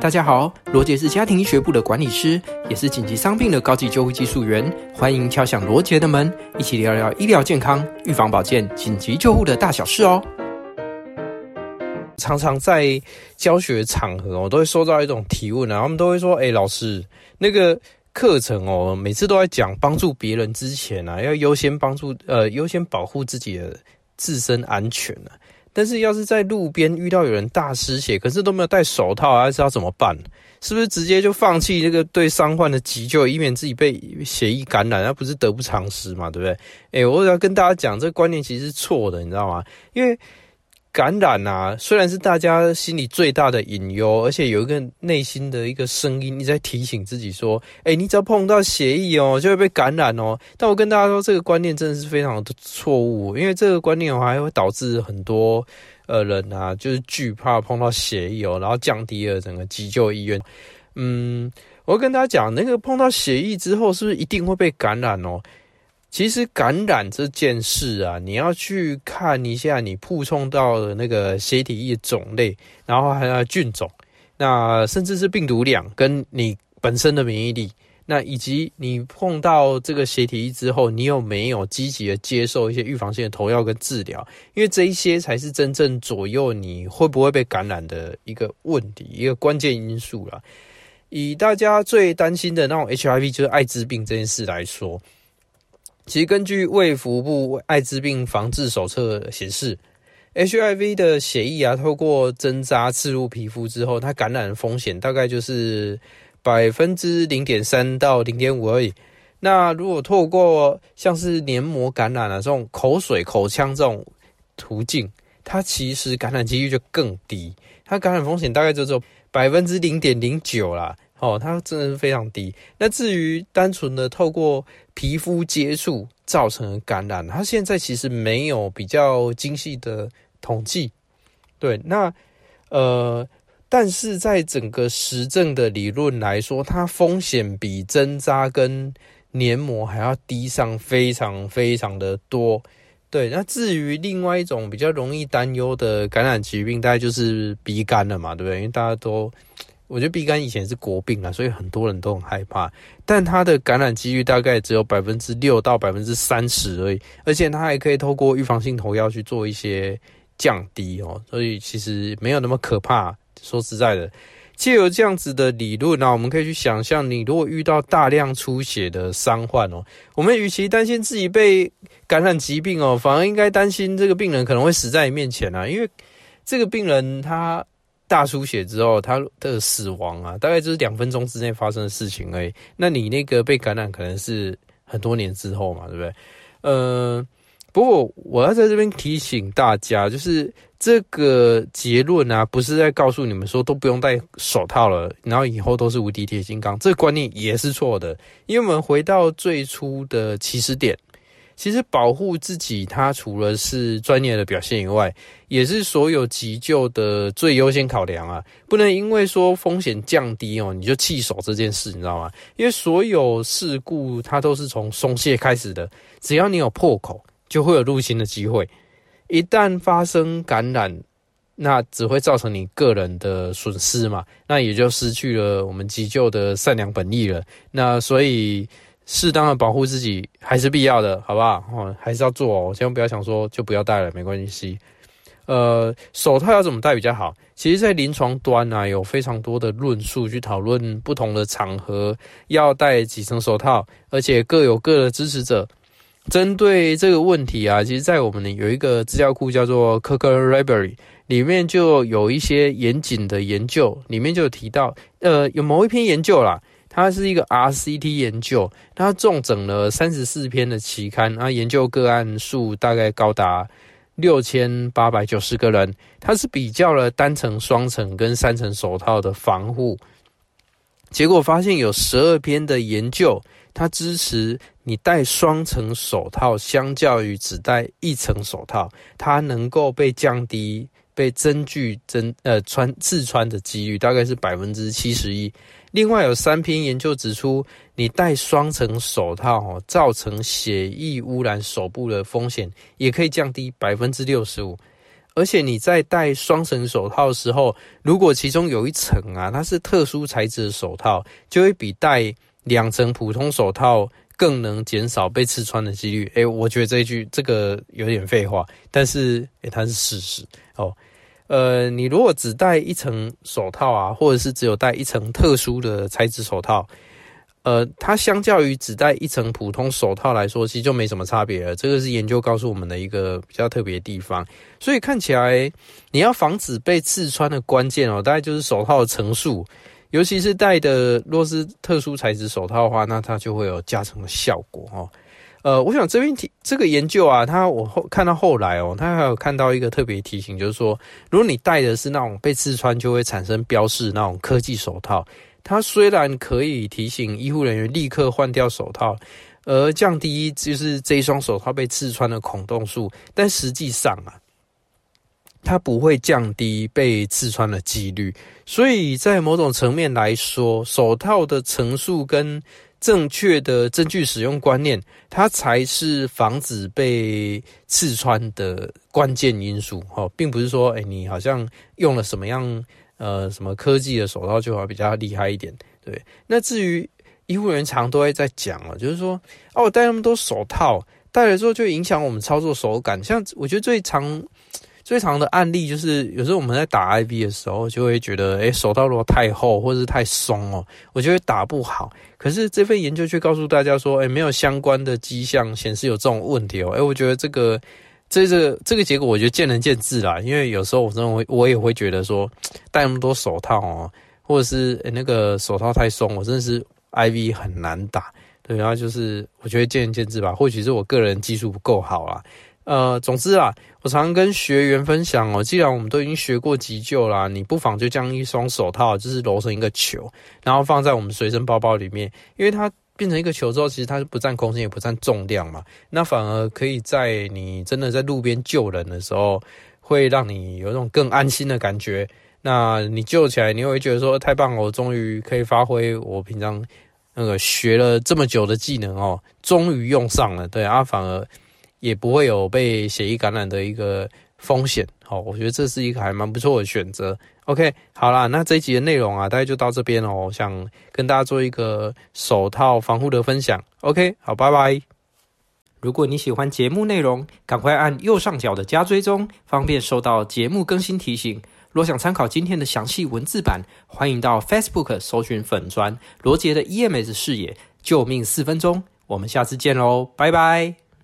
大家好，羅傑是家庭醫學部的管理師，也是緊急傷病的高級救護技術員。歡迎敲響羅傑的門，一起聊聊醫療健康、預防保健、緊急救護的大小事哦。常常在教學場合、哦，我都會收到一種提問、啊，然後他們都會說：“誒、欸、老師，那個課程哦，每次都在講幫助別人之前啊，要優先幫助呃，優先保護自己的自身安全呢、啊。”但是要是在路邊遇到有人大失血，可是都沒有戴手套啊，還是要怎麼辦？是不是直接就放棄這個對傷患的急救，以免自己被血液感染？那不是得不償失嘛，對不對？哎、欸，我要跟大家講，這個觀念其實是錯的，你知道嗎？因為。感染啊，雖然是大家心裡最大的隱憂，而且有一個內心的一個聲音，一直在提醒自己說：“哎、欸，你只要碰到血液哦、喔，就會被感染哦、喔。”但我跟大家說，這個觀念真的是非常的錯誤，因為這個觀念的話還會導致很多呃人啊，就是懼怕碰到血液哦、喔，然後降低了整個急救意願。嗯，我跟大家講，那個碰到血液之後，是不是一定會被感染哦、喔？其實感染這件事啊，你要去看一下你撲衝到的那個血體液的種類，然後還有菌種，那甚至是病毒量，跟你本身的免疫力，那以及你碰到這個血體液之後，你有沒有積極的接受一些預防性的投藥跟治療，因為這一些才是真正左右你會不會被感染的一個問題，一個關鍵因素啦。以大家最擔心的那種 HIV 就是艾滋病這件事來說。其實根據衛福部艾滋病防治手冊顯示，HIV 的血液啊，透過針扎刺入皮膚之後，它感染風險大概就是百分之零點三到零點五而已。那如果透過像是黏膜感染啊，這種口水、口腔這種途徑，它其實感染幾率就更低，它感染風險大概就只有百分之零點零九啦。哦，它真的是非常低。那至於單純的透過皮膚接觸造成的感染，它現在其實沒有比較精細的統計。對，那呃，但是在整個實證的理論來說，它風險比針扎跟黏膜還要低上非常非常的多。對，那至於另外一種比較容易擔憂的感染疾病，大概就是 B 肝了嘛，對不對？因為大家都。我覺得 B 肝以前是國病啊，所以很多人都很害怕。但它的感染幾率大概只有百分之六到百分之三十而已，而且它還可以透過預防性投藥去做一些降低哦，所以其實沒有那麼可怕。說實在的，借由這樣子的理論呢，我們可以去想象，你如果遇到大量出血的傷患哦，我們與其擔心自己被感染疾病哦，反而應該擔心這個病人可能會死在你面前啊，因為這個病人他大出血之後，他的死亡啊，大概就是兩分鐘之內發生的事情而已。那你那個被感染，可能是很多年之後嘛，對不對？呃，不過我要在這邊提醒大家，就是這個結論啊，不是在告訴你們說都不用戴手套了，然後以後都是無敵鐵金剛，這個觀念也是錯的。因為我們回到最初的起始點。其實保護自己，它除了是專業的表現以外，也是所有急救的最優先考量啊。不能因為說風險降低哦、喔，你就棄守這件事，你知道嗎？因為所有事故它都是從鬆懈開始的，只要你有破口，就會有入侵的機會。一旦發生感染，那只會造成你個人的損失嘛，那也就失去了我們急救的善良本意了。那所以。適當的保護自己還是必要的，好不好？哦，還是要做哦，千萬不要想說就不要戴了，沒關係。呃，手套要怎麼戴比較好？其實，在臨床端啊，有非常多的論述去討論不同的場合要戴幾層手套，而且各有各的支持者。針對這個問題啊，其實，在我們呢有一個資料庫叫做 Cochrane Library，裡面就有一些嚴謹的研究，裡面就有提到，呃，有某一篇研究啦。它是一個 RCT 研究，它重整了三十四篇的期刊，啊，研究個案數大概高達六千八百九十個人。它是比較了單層、雙層跟三層手套的防護，結果發現有十二篇的研究，它支持你戴雙層手套，相較於只戴一層手套，它能夠被降低。被針具針呃穿刺穿的幾率大概是百分之七十一。另外有三篇研究指出，你戴雙層手套哦，造成血液污染手部的風險也可以降低百分之六十五。而且你在戴雙層手套的時候，如果其中有一層啊，它是特殊材質的手套，就會比戴兩層普通手套。更能減少被刺穿的幾率。哎、欸，我覺得這一句這個有點廢話，但是、欸、它是事實哦。呃，你如果只戴一層手套啊，或者是只有戴一層特殊的材質手套，呃，它相較於只戴一層普通手套來說，其實就沒什麼差別了。這個是研究告訴我們的一個比較特別的地方。所以看起來，你要防止被刺穿的關鍵哦、喔，大概就是手套的層數。尤其是戴的若是特殊材質手套的話，那它就會有加成的效果喔。呃，我想這邊提這個研究啊，它我後看到後來喔，它還有看到一個特別提醒，就是說，如果你戴的是那種被刺穿就會產生標識那種科技手套，它雖然可以提醒醫護人員立刻換掉手套，而降低就是這一雙手套被刺穿的孔洞數，但實際上啊，它不會降低被刺穿的幾率，所以在某種層面來說，手套的層數跟正確的針具使用觀念，它才是防止被刺穿的關鍵因素。並不是說，欸，你好像用了什麼樣呃什麼科技的手套就好比較厲害一點。對，那至於醫護人員常都會在講了，就是說，哦，我戴那麼多手套，戴了之後就影響我們操作手感。像我覺得最常。最常的案例就是，有時候我們在打 IV 的時候，就會覺得，哎、欸，手套如果太厚或者是太鬆哦、喔，我覺得打不好。可是這份研究卻告訴大家說，哎、欸，沒有相關的跡象顯示有這種問題哦、喔。哎、欸，我覺得這個、這個、這個結果，我覺得見仁見智啦。因為有時候我真的我我也會覺得說，戴那麼多手套哦、喔，或者是、欸、那個手套太鬆，我真的是 IV 很難打。對，然後就是我覺得見仁見智吧。或許是我個人技術不夠好啦。呃，總之啊，我常跟學員分享哦，既然我們都已經學過急救啦，你不妨就將一雙手套，就是揉成一個球，然後放在我們隨身包包裡面，因為它變成一個球之後，其實它是不佔空間也不佔重量嘛，那反而可以在你真的在路邊救人的時候，會讓你有一種更安心的感覺。那你救起來，你會覺得說太棒了，我終於可以發揮我平常那個學了這麼久的技能哦，終於用上了。對啊，反而。也不會有被血液感染的一個風險，我覺得這是一個還蠻不錯的選擇。OK，好啦，那這一集的內容啊，大概就到這邊哦。我想跟大家做一個手套防護的分享。OK，好，拜拜。如果你喜歡節目內容，趕快按右上角的加追蹤，方便收到節目更新提醒。若想參考今天的詳細文字版，歡迎到 Facebook 搜尋粉專羅傑的 EMS 視野，救命四分鐘。我們下次見嘍，拜拜。